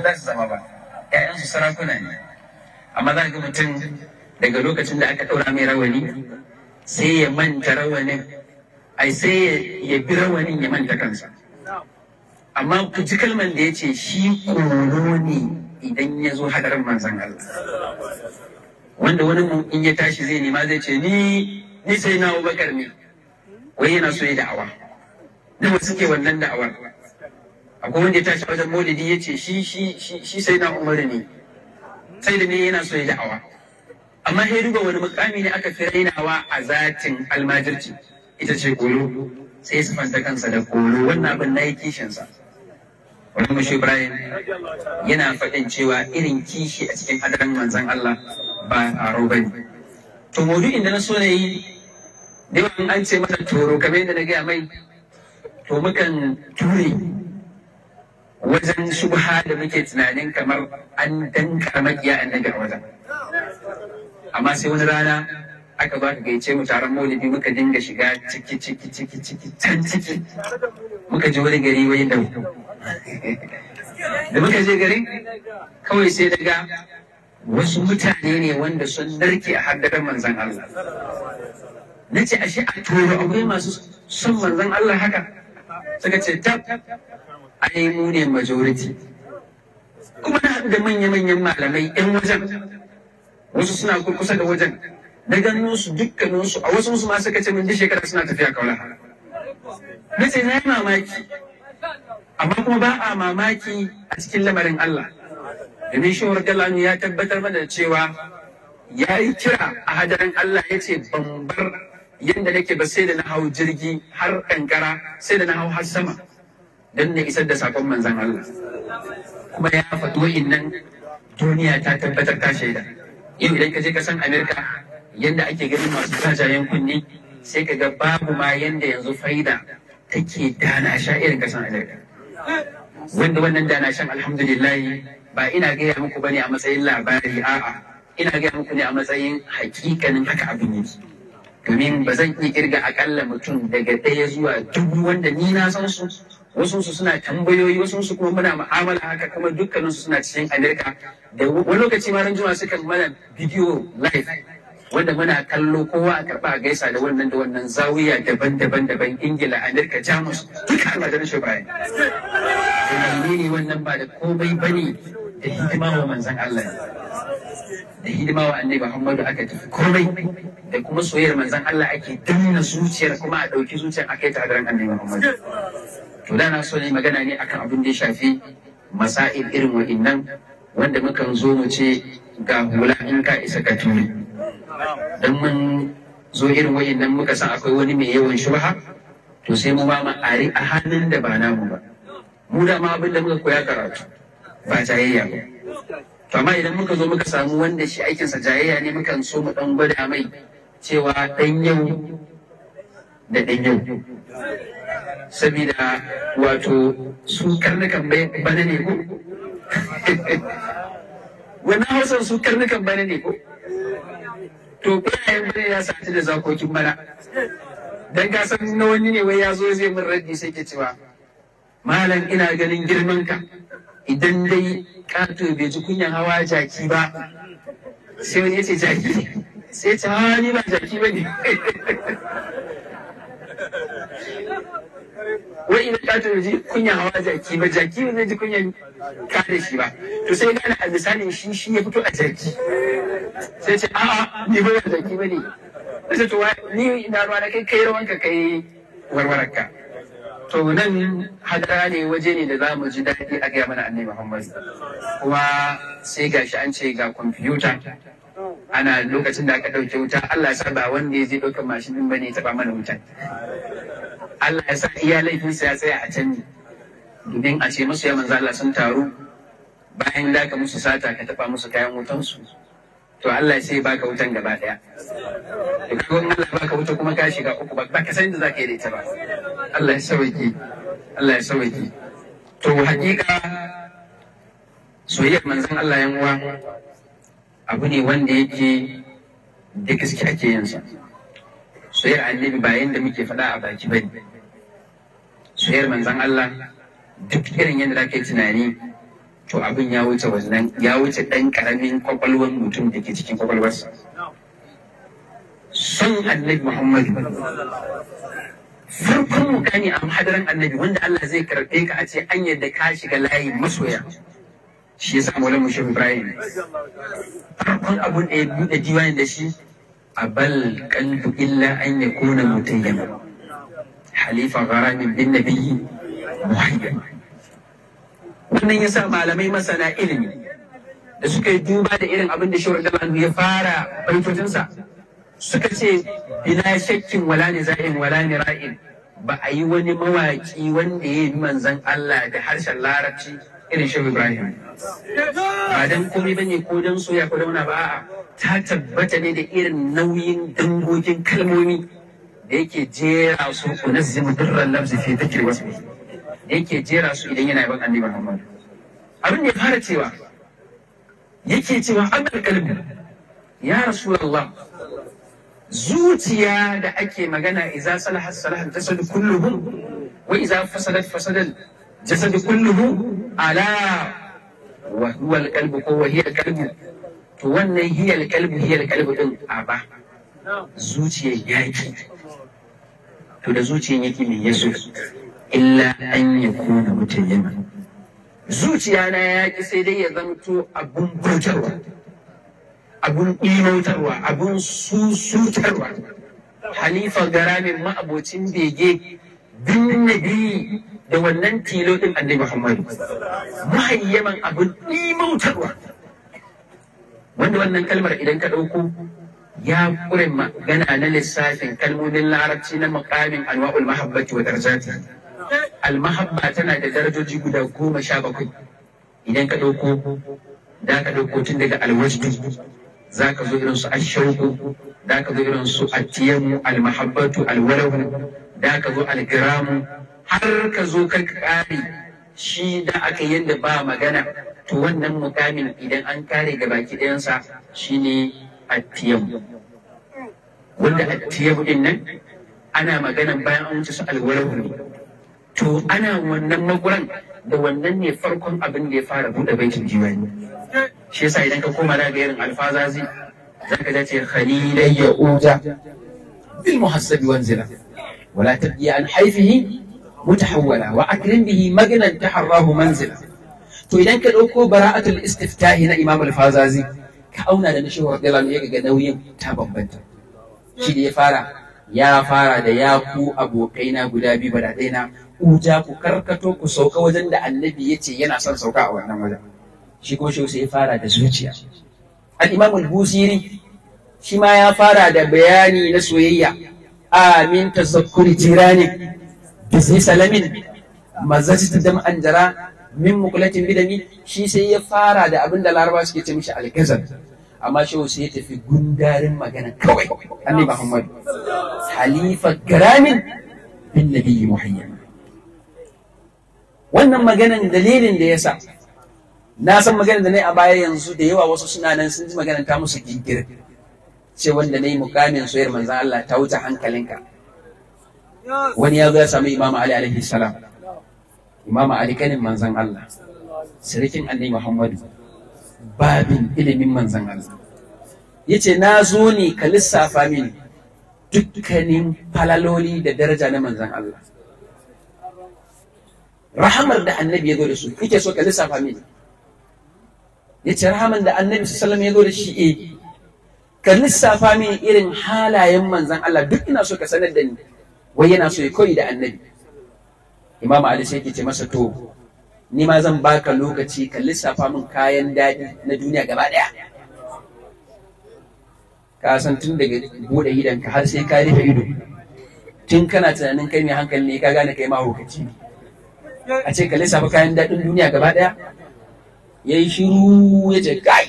za su zama ba ƴaƴansu sarakuna ne amma za ga mutum daga lokacin da aka ɗaura mai rawani sai ya manta rawanin ai sai ya bi rawanin ya manta kansa amma ku ji kalmar da ya ce shi koro ne idan ya zo hadarin manzan Allah wanda wani in ya tashi zai nema zai ce ni ni sai na Abubakar ne wai yana so ya da'awa da suke wannan da'awar akwai wanda ya tashi wajen maulidi ya ce shi shi shi sai na umar ne sai da ne yana so ya da'awa amma sai duba wani mukami ne aka fi rainawa a zatin almajirci ita ce kolo sai ya sifanta kansa da kolo wannan abin na yi kishinsa wani mashi ibrahim yana faɗin cewa irin kishi a cikin adaran manzan allah ba a roba ne to maudu'in inda na so na yi da an ce masa toro kamar yadda na gaya mai to mukan ture wajen shubha da muke tunanin kamar an danka makiya an a wajen amma sai wani rana aka ba ka gaice mu taron maulidi muka dinga shiga ciki ciki ciki ciki can ciki muka ji wani gari wani da da muka je gari kawai sai daga wasu mutane ne wanda sun narke a haddar manzan Allah na ce ashe a turo akwai masu son manzan Allah haka suka ce tab ai mu ne majority kuma na da manya-manyan malamai 'yan wajen wasu suna kusa da wajen na ganin su dukkanin su a wasu musu ma suka ce min duk shekara suna tafiya kaula na ce na yi mamaki amma kuma ba a mamaki a cikin lamarin Allah domin shi ya tabbatar mana cewa ya yi kira a hadarin Allah ya ce ban bar yadda nake ba sai da na hau jirgi har kankara sai da na hau har sama don na isar da sakon manzan Allah kuma ya faɗi nan duniya ta tabbatar ta shaida yau idan ka je kasan Amerika yanda ake ganin masu jajayen kunni sai ka ga babu ma yanda yanzu faida take dana sha irin kasan Amerika wanda wannan dana shan alhamdulillah ba ina gaya muku bane a matsayin labari a'a ina gaya muku ne a matsayin hakikanin haka abin yake domin ba zan iya kirga akalla mutum daga ɗaya zuwa dubu wanda ni na san su wasu su suna tambayoyi wasu su kuma muna mu'amala haka kamar dukkanin su suna cikin Amerika da wani lokaci ma ran juma sukan mana bidiyo live wanda muna kallo kowa a karba a gaisa da wannan da wannan zawiya daban-daban daban Ingila Amerika Jamus duka Allah da rashin bayan ne wannan ba da komai bane da hidima wa manzan Allah da hidima wa annabi Muhammadu aka tafi komai da kuma soyayyar manzan Allah ake danna zuciyar kuma a ɗauki zuciyar kai ta daren annabi Muhammadu to da na so ne magana ne akan abin da ya shafi masa'il irin wa'innan wanda mukan zo mu ce ga hula in ka isa ka turi dan mun zo irin wa'innan muka san akwai wani mai yawan shubha to sai mu ba mu ari a hannun da ba namu ba mu da ma abin da muka koya karatu ba jayayya ba to amma idan muka zo muka samu wanda shi sa jayayya ne mukan so mu dan gwada mai cewa dan yau da dan yau saboda wato su karnukan bana ne ko wannan hausan su karnukan bana ne ko to bayan bane ya sati da zakokin bana dan ka san na wani ne wai ya zo zai min raddi sai ke cewa malam ina ganin girman ka idan dai kato bai ji kunyan hawa jaki ba sai wani ya ce jaki sai ta hawa ni ba jaki ba ne wai ina ta tuna ji kunya hawa jaki ba jaki ba zai ji kunyan da shi ba to sai gane a misalin shi shi ya fito a jaki sai ce a'a ni ba zaki ba ne sai to ni ruwa na kai kai rawanka kai warwararka to nan hadara ne waje ne da za mu ji daɗi a gaya mana annabi Muhammad kuma sai gashi an ce ga kwamfuta ana lokacin da aka ɗauke wuta Allah ya sa ba wanda ya zai ɗaukar mashin ɗin bane ya taɓa mana wutan Allah ya sa iya laifinsa ya tsaya a can ne domin a ce musu ya manzo Allah sun taru bayan da ka musu sata ka taɓa musu kayan wutansu to Allah ya sai baka wutan gaba ɗaya to kaga in Allah baka wuta kuma ka shiga uku ba ka san da ka yi da ita ba Allah ya sauke Allah ya sauke to hakika soyayyar manzon Allah yan uwa abu ne wanda yake da gaske ake yin sa soyar annabi ba yanda muke faɗa a baki bane soyar manzon Allah duk irin yadda ake tunani to abin ya wuce wannan ya wuce ɗan ƙaramin kwakwalwar mutum da ke cikin sa. son annabi Muhammadu farkon mukani a mahadaran annabi wanda Allah zai karɓe ka a ce an yadda ka shiga layi masoya shi yasa maulana shi ibrahim farkon abun da ya buɗe diwanin da shi kan kalbu illa an ya kona mutayyan halifa gharamin bin nabiyyi muhayyan wannan yasa malamai masana ilimi da suka duba da irin abin da shehu ibrahim ya fara baitocinsa suka ce ina shakkin wala ne za'in wala ne ra'in ba a yi wani mawaki wanda ya yi manzan Allah da harshen larabci irin shehu ibrahim ba dan komai bane ko don soya ko wani ba a'a ta tabbata ne da irin nauyin dangogin kalmomi da yake jera su unazzimu durran lafzi fi dhikri wasmi da yake jera su idan yana yaban annabi muhammad abin ya fara cewa yake cewa amal kalbi ya rasu Allah zuciya da ake magana idza salahat salahat jasad kulluhu wa idza fasadat fasadal jasad kulluhu ala wa huwa alqalbu ko wa to wannan hiyar alqalbu hiyar alqalbu din a ba zuciyar yaki to da zuciyar yaki me yaso illa an yakuna mutayyana zuciya na yaki sai dai ya zanto abun bautarwa abun imautarwa abun susutarwa halifa garamin ma'abocin bege bin nabi da wannan tilo din annabi Muhammad muhayyaman abin ɗimautarwa wanda wannan kalmar idan ka ɗauko ya kure magana na lissafin kalmomin larabci na makamin alwaul mahabbati wa darajati almahabba tana da darajoji guda goma sha bakwai idan ka ɗauko da ka ɗauko tun daga alwajdu za ka zo irin su ashauku da ka zo irin su atiyamu almahabbatu alwalahu da ka zo algiramu har ka zo ka kare shi da aka yadda ba magana to wannan mukamin idan an kare ga baki ɗayansa shine attiyam wanda attiyam din nan ana maganan bayan an wuce su alwalahu ne to ana wannan maguran da wannan ne farkon abin da ya fara buɗe bankin jiwani shi yasa idan ka koma daga irin alfazazi zaka ga ce khalilai ya uja bil muhassabi wanzila wala tabiya an haifihi mutahawwala wa akrim bihi maganan taharrahu manzila to idan ka ɗauko bara'atul istiftahi na imam al-fazazi ka auna da na shehu radiyallahu anhu ga nauyin ta bambanta shi da ya fara ya fara da ya abokaina guda biyu bada ɗaya uja ku karkato ku sauka wajen da annabi ya ce yana son sauka a wannan wajen shi kuma ya fara da zuciya al-imam al-busiri shi ya fara da bayani na soyayya amin tazakkuri jirani fi salamin mazajitu dam anjara min mukulatin bidami shi sai ya fara da abin da laraba suke ce mishi alkazar amma shi sai ya tafi gundarin magana kawai annabi muhammad halifa garamin bin yi muhammad wannan maganan dalilin da yasa na san maganar da na yi a baya yanzu da yawa wasu suna nan sun ji maganar ta musu gingir ce wanda na yi mukamin soyar manzan Allah ta wuce hankalinka wani ya zo ya sami imamu ali alaihi salam imamu ali kanin manzan Allah sirikin annabi muhammadu babin ilimin manzan Allah Ya ce na zo ne ka lissafa min dukkanin falaloli da daraja na manzan Allah rahamar da annabi ya zo da su kuke so ka lissafa min? Ya ce rahamar da annabi su salam ya zo da shi e. ka lissafa min irin halayen manzan Allah duk ina so ka sanar da ni wai yana so ya koyi da annabi imamu ali sai yake ce masa to ni ma zan baka lokaci ka lissafa min kayan daɗi na duniya gaba ɗaya ka san tun daga buɗe idanka har sai ka rufe ido tun kana tunanin kai mai hankali ne ka gane kai ma hukaci a ce ka lissafa kayan daɗin duniya gaba ɗaya ya yi shiru ya ce kai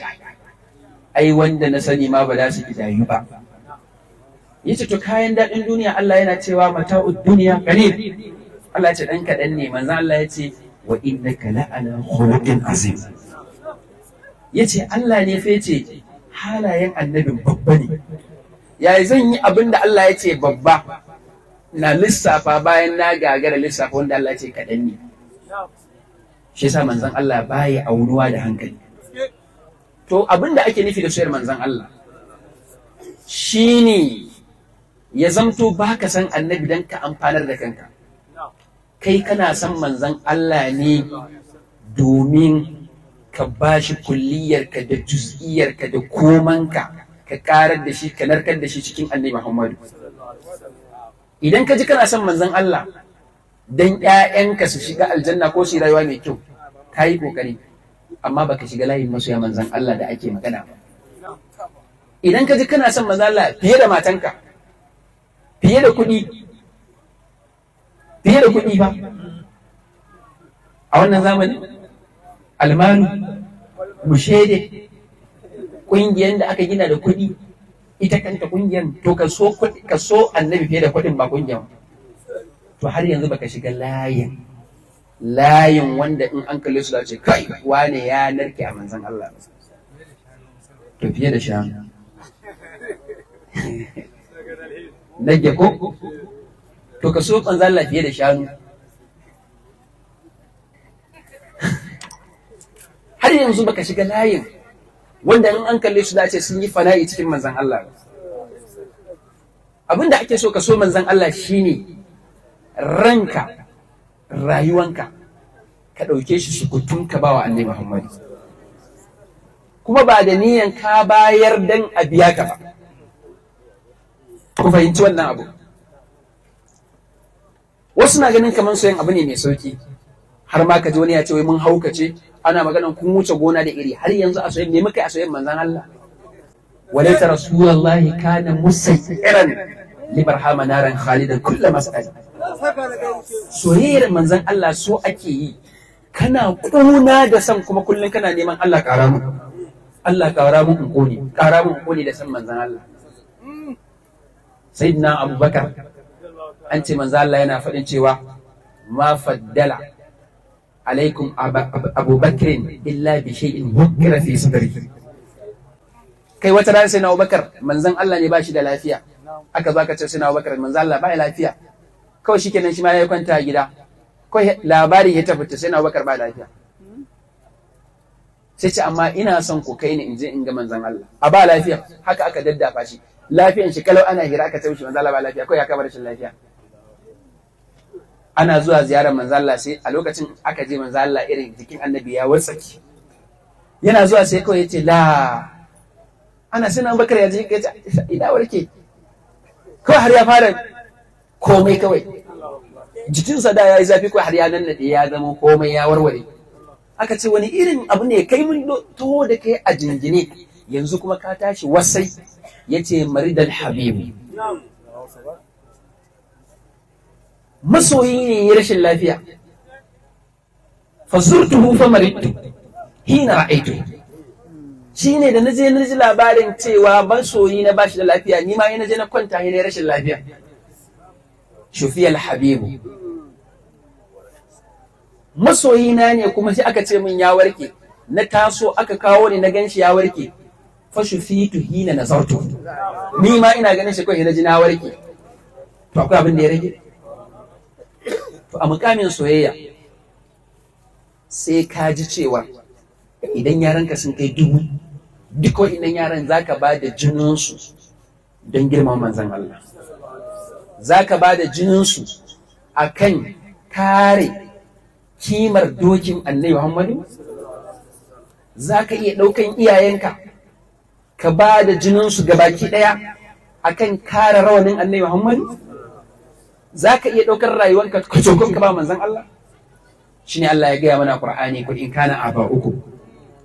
ai wanda na sani ma ba za su kidayu ba yace to kayan daɗin duniya Allah yana cewa mata duniya gani Allah ya ce dan kaɗan ne manzo Allah ya ce wa innaka la'ala khuluqin azim yace Allah ne fa yace halayen annabin babba ne yayi zan yi abin da Allah ya ce babba na lissafa bayan na gagara lissafa wanda Allah ce kaɗan ne. Shi yasa manzan Allah baya aunuwa da hankali. To abin da ake nufi da suyar manzan Allah shi ne ya zamto ba ka san annabi don ka amfanar da kanka kai kana san manzan Allah ne domin ka ba shi kulliyarka da juz'iyarka da komanka ka karar da shi ka narkar da shi cikin annabi Muhammadu idan ka ji kana san manzan Allah don ƴaƴanka su shiga aljanna ko su rayuwa mai kyau ka yi kokari amma baka shiga layin masoya manzan Allah da ake magana ba idan ka ji kana san manzan Allah fiye da matanka fiye da kuɗi fiye da kuɗi ba a wannan zamani, almanu mushede ƙungiyar da aka gina da kuɗi ita kanta ƙungiyar to ka so annabi fiye da kuɗin ba ƙungiyar to har yanzu baka shiga layin layin wanda in an kalle su za ce kai wane ya narke a manzon Allah to fiye da shanu nage ko to ka so manzo Allah fiye da shanu har yanzu baka shiga layin wanda in an kalle su da ce sun yi fana'i cikin manzan Allah abinda ake so ka so manzan Allah shine ranka rayuwanka ka ɗauke shi sukutun ka ba wa annabi Muhammad kuma ba da niyan ka bayar dan a biya ka ba ku fahimci wannan abu wasu na ganin kamar soyayya abu ne mai sauki har ma ka ji wani ya ce wai mun ce? ana maganan kun wuce gona da iri har yanzu a soyayya me muka yi a soyayya manzon Allah walaita rasulullahi kana musayyiran libarhama naran khalidan kullu mas'al soyayyar manzon Allah so ake yi kana kuna da san kuma kullum kana neman Allah ƙara mu Allah ƙara mu in ƙone ƙara mu in da san manzon Allah sayyidina abubakar an ce manzo Allah yana faɗin cewa ma faddala alaikum Abubakar illa bi shay'in hukira fi sadri kai wata rana sai na abubakar manzon Allah ne ba shi da lafiya aka zo aka ce sai na abubakar manzo Allah ba lafiya kawai shikenan shi ma ya kwanta gida kawai labari ya tafi sai na abubakar ba lafiya sai ce amma ina son ku kai ne in je in ga manzon Allah a ba lafiya haka aka daddafa shi lafiyan shi kalau ana hira aka taushi manzo Allah ba lafiya ko ya kama rashin lafiya ana zuwa ziyarar manzo Allah sai a lokacin aka je manzo Allah irin jikin annabi ya wasaki yana zuwa sai kawai yace la ana sai nan bakar ya je yace ina warke kawai har ya fara komai kawai jikinsa da ya yi zafi kawai har ya nannade ya zama komai ya warware aka ce wani irin abu ne kai mun to da kai a jingine yanzu kuma ka tashi wasai ya ce maridan habibu masoyi ne ya rashin lafiya fasurtu fa maridu hina ra'aitu shi ne da naje na ji labarin cewa masoyi na bashi da lafiya ni ma na je na kwanta ne rashin lafiya shufiyal habibu masoyi na ne kuma sai aka ce min ya warke na taso aka kawo ni na shi ya warke fashufitu hina nazartu ni ma ina ganin shi kawai na jina warke to akwai abin da ya rage to a mukamin soyayya sai ka ji cewa idan yaranka sun kai dubu duk wa'innan yaran ka ba da jininsu don girman manzan Allah Za ka ba da jininsu akan kare kimar dokin annabi Muhammadu ka iya ɗaukan iyayenka ka ba da jininsu ga baki ɗaya akan kare rawanin annabi Muhammadu? Za ka iya ɗaukar rayuwarka ka cokon ka ba manzan Allah? Shi ne Allah ya gaya mana Kur'ani ku in kana aba'ukum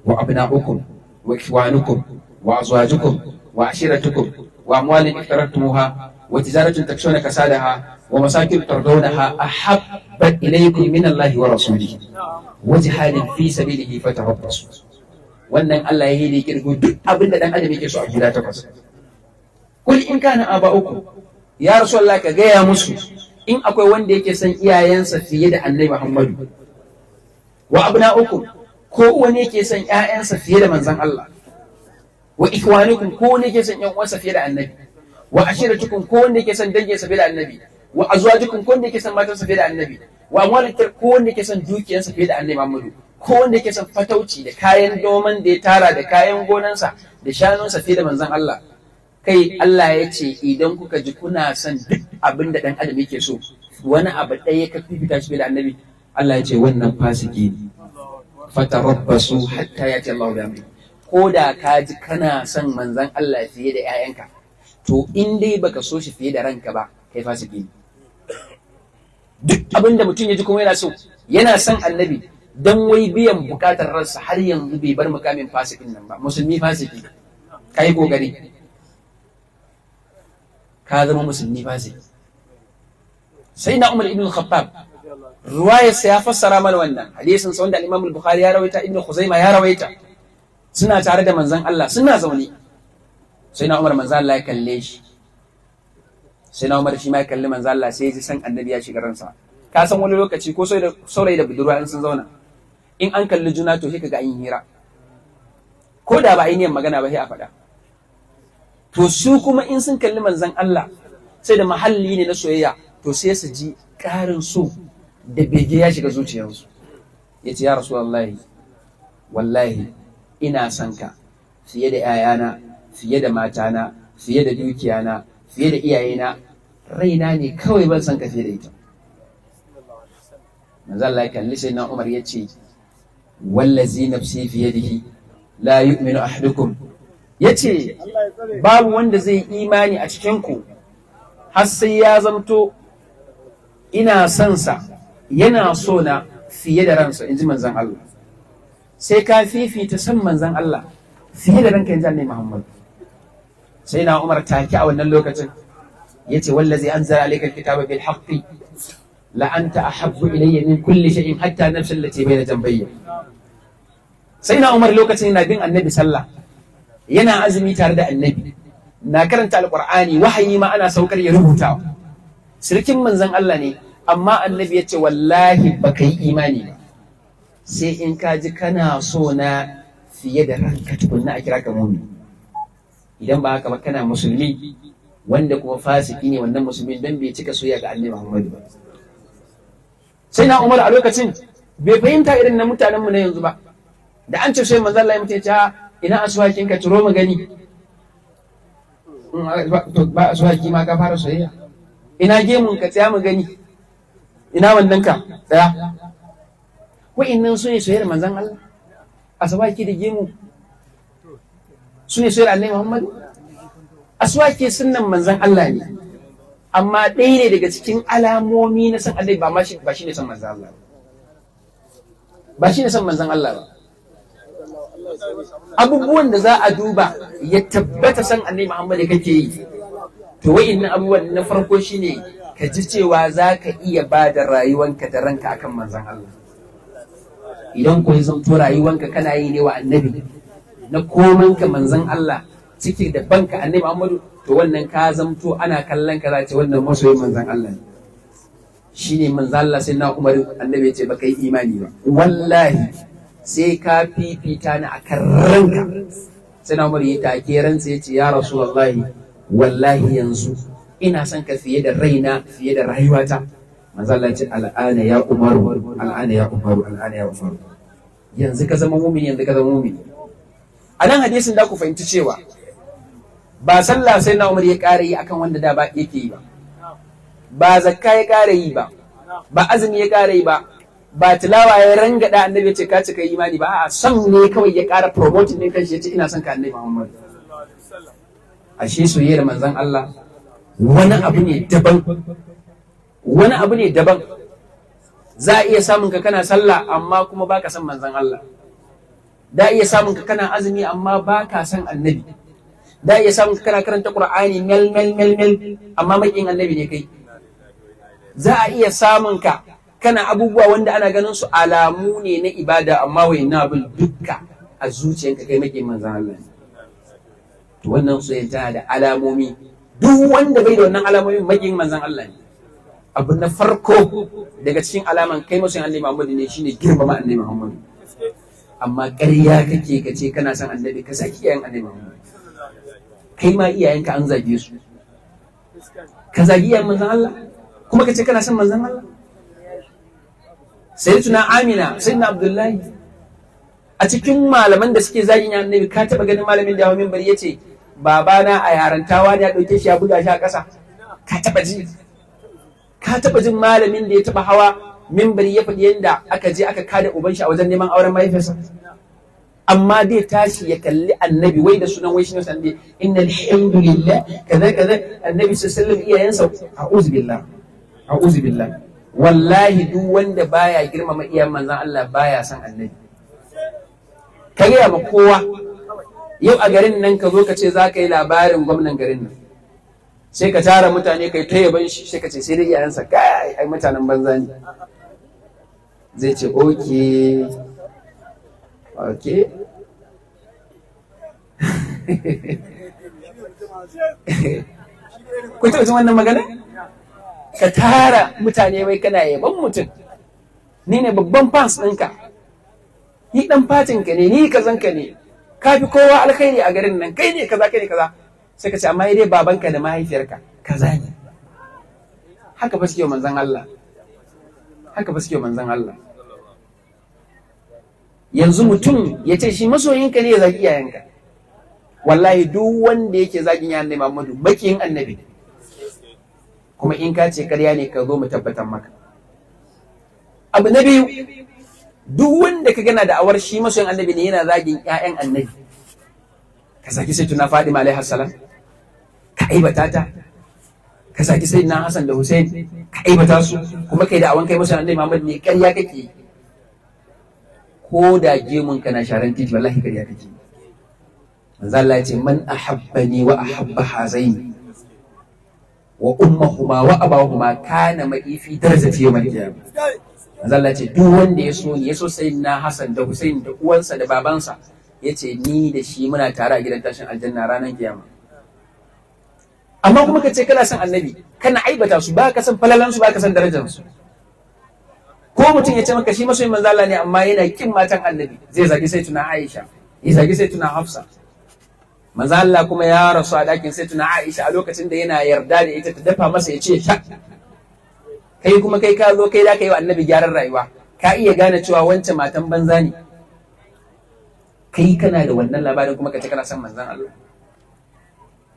wa abna'ukum wa ikhwanukum wa azwajukum wa ashiratukum wa amwalin iqtaratumuha wa tijaratun takshawna kasadaha wa masakin tardawnaha ahabba ilaykum min Allah wa rasulihi wa jihadin fi sabilihi fatarabbasu wannan Allah ya yi da kirgo duk abin da dan adam yake so a gida takwas kul in kana uku, ya rasulullah ka gaya musu in akwai wanda yake son iyayensa fiye da annabi Muhammadu wa uku, ko wani yake son 'ya'yansa fiye da manzon Allah wa ikwanukum ko wani yake son 'yan uwansa fiye da annabi wa ashiratukum ko wanda yake son danginsa fiye da annabi wa azwajukum ko wanda yake son matarsa fiye da annabi wa amwalikum ko wanda yake son dukiyarsa fiye da annabi Muhammadu ko wanda yake son fatauci da kayan doman da ya tara da kayan gonansa da shanunsa fiye da manzon Allah kai Allah ya ce idan kuka ji kuna son duk abin da dan adam yake so wani abu ɗaya ka fita shi da annabi Allah ya ce wannan fasiki ne fatarabbasu hatta ce Allah bi amri ko da ka ji kana son manzon Allah fiye da 'ya'yanka to in dai baka so shi fiye da ranka ba kai fasiki duk abin da mutum ya ji kuma yana so yana son annabi dan wai biyan bukatar ransa har yanzu bai bar mukamin fasikin nan ba musulmi fasiki kai kokari ka zama musulmi fasiki sai na umar ibn khattab ruwayarsa ya fassara mana wannan hadisin sa wanda al-imam al-bukhari ya rawaita ibn khuzaima ya rawaita suna tare da manzon Allah suna zaune sai na umar manzon Allah ya kalle shi sai na Umar shi ma ya kalli manzo Allah sai ya ji san annabi ya shiga ransa ka san wani lokaci ko saurayi da budurwa in sun zauna in an kalli juna to sai kaga an hira ko da ba ainihin magana ba sai a faɗa to su kuma in sun kalli manzon Allah sai da mahalli ne na soyayya to sai su ji ƙarin so da bege ya shiga zuciyarsu ya ce ya wallahi, wallahi ina son ka fiye da 'ya'yana fiye da matana fiye da dukiyana fiye da iyayena raina ne kawai ban san kafe da ita manzo Allah kalli sai na Umar ya ce wallazi nafsi fi yadihi la yu'minu ahadukum yace babu wanda zai imani a cikin ku har sai ya zamto ina son sa yana so na fiye da ransa inji manzon Allah sai ka fifita san manzon Allah fiye da ranka inji Annabi Muhammad sai na Umar take a wannan lokacin yace wallazi anzala alayka alkitaba bil haqqi la anta ahabbu ilayya min kulli shay'in hatta nafsi allati bayna jambayya sai na umar lokacin yana bin annabi sallah yana azumi tare da annabi na karanta alqur'ani wahayi ma ana saukar ya rubuta sirkin manzon Allah ne amma annabi yace wallahi baka yi imani ba sai in ka ji kana so na fiye da ranka tukunna a kira ka mumi idan ba haka ba kana musulmi wanda kuma fasiki ne wannan musulmi don bai cika soyayya ga annabi Muhammadu ba sai na Umar a lokacin bai fahimta irin na mutanen mu na yanzu ba da an ce sai manzo Allah ya mutai ta ina aswakin ka turo mu gani mm, ba aswaki ma ka fara soyayya ina gemun ka tsaya mu gani ina wannan ka tsaya wa'annan su ne soyayyar manzon Allah aswaki da gemu su ne soyayyar Annabi Muhammadu ke sunnan manzan Allah ne amma ɗaya ne daga cikin alamomi na san Allah ba shi ne san manzan Allah ba shi ne san manzan Allah ba abubuwan da za a duba ya tabbata san annabi Muhammad kake yi to na abubuwan na farko shine ka ji cewa za ka iya ba da rayuwanka da ranka akan manzan Allah idan ko ya zanto rayuwanka kana yi ne wa annabi na komanka manzan Allah ciki da banka annabi Muhammadu to wannan ka zamto ana kallon ka za ce wannan masoyin manzan Allah ne ne manzan Allah sai na Umar annabi ya ce baka yi imani ba wallahi sai ka fifita ni akan ranka sai na Umar ya take ransa ya ce ya Rasulullahi wallahi yanzu ina son ka fiye da raina fiye da rayuwata manzan Allah ya ce al'ana ya Umar al'ana ya Umar al'ana ya Umar yanzu ka zama mumin yanzu ka zama mumin a nan hadisin da ku fahimci cewa ba sallah sai na umar ya ƙara yi akan wanda da ba yake yi ba ba zakka ya ƙara yi ba ba azumi ya ƙara yi ba ba tilawa ya rangada annabi ce ka cika imani ba a san ne kawai ya ƙara promoting din kanshi ya ce ina son ka annabi Muhammad ashe soyayyar manzon Allah wani abu ne daban wani abu ne daban za a iya samun ka kana sallah amma kuma baka son manzon Allah da iya samun ka kana azumi amma baka son annabi da iya samun kana karanta qur'ani mel mel mel mel amma makin annabi ne kai za a iya samun ka kana abubuwa wanda ana ganin su alamu ne na ibada amma na abin dukka a zuciyanka kai makin manzan Allah to wannan su tana da alamomi duk wanda bai da wannan alamomin makin manzan Allah ne abu na farko daga cikin alaman kai masoyin annabi Muhammad ne shine girmama annabi Muhammad amma ƙarya kake kace kana son annabi ka saki yayin annabi Muhammad kai ma iyayenka an zage su ka zagi iyayen manzan Allah kuma ka ce kana son manzan Allah tuna amina na abdullahi a cikin malaman da suke zagin annabi ka taba ganin malamin da hawa ya yace babana a yarantawa ne ya dauke shi a buga shi a kasa ka taba ji ka taba jin malamin da ya taba hawa minbari ya faɗi yadda aka je aka kada uban shi a wajen neman auren mahaifinsa amma dai tashi ya kalli annabi wai da sunan wai shine sande inna alhamdulillah kaza kaza annabi sallallahu alaihi iyayensa a'udhu billah a'udhu billah wallahi duk wanda baya girmama iyayen manzon Allah baya san annabi kariya ma kowa yau a garin nan ka zo ka ce za ka yi labarin gwamnan garin nan sai ka tara mutane kai ta yaban shi sai ka ce sai dai iyayensa kai ai mutanen banza ne zai ce okay ok kun taɓa jin wannan magana ka tara mutane wai kana yaban mutum ni ne babban fans ɗinka ni ɗan fatin ka ne ni kazan ka ne ka fi kowa alkhairi a garin nan kai ne kaza kai ne kaza sai ka ce amma dai babanka da mahaifiyarka kaza ne haka fa suke manzon Allah haka fa suke manzon Allah yanzu mutum ya ce shi masoyinka ne ya zagi iyayenka wallahi duk wanda yake zagin 'ya'yan nai Muhammadu bakin annabi kuma in ka ce karya ne ka zo mu tabbatar maka abu na biyu duk wanda ka gana da awar shi masoyin annabi ne yana zagin 'ya'yan annabi ka saki sai tuna Fadima alaihi salam ka aibata ta ka saki sai na Hassan da Hussein ka aibata su kuma kai da awan kai masoyin annabi Muhammadu ne karya kake yi ko da gemun ka na sharan titi wallahi kariya kake manzo Allah ya ce man ahabbani wa ahabba hazain wa ummahuma wa abahuma kana ma'i fi darajati yawmal qiyamah manzo Allah ce duk wanda ya so ya so sayyidina Hassan da Hussein da uwansa da babansa yace ni da shi muna tare a gidan tashin aljanna ranar kiyama amma kuma ka ce kana son annabi kana aibata su ba ka san falalan su ba ka san darajar su ko mutum ya ce maka shi masoyin manzo Allah ne amma yana kin matan annabi zai zagi sai tuna Aisha ya zagi sai tuna Hafsa manzo Allah kuma ya rasu a dakin sai tuna Aisha a lokacin da yana yarda da ita ta dafa masa ya ce ta. kai kuma kai ka zo kai da yi wa annabi gyaran rayuwa ka iya gane cewa wancan matan banza ne kai kana da wannan labarin kuma ka ce kana son manzon Allah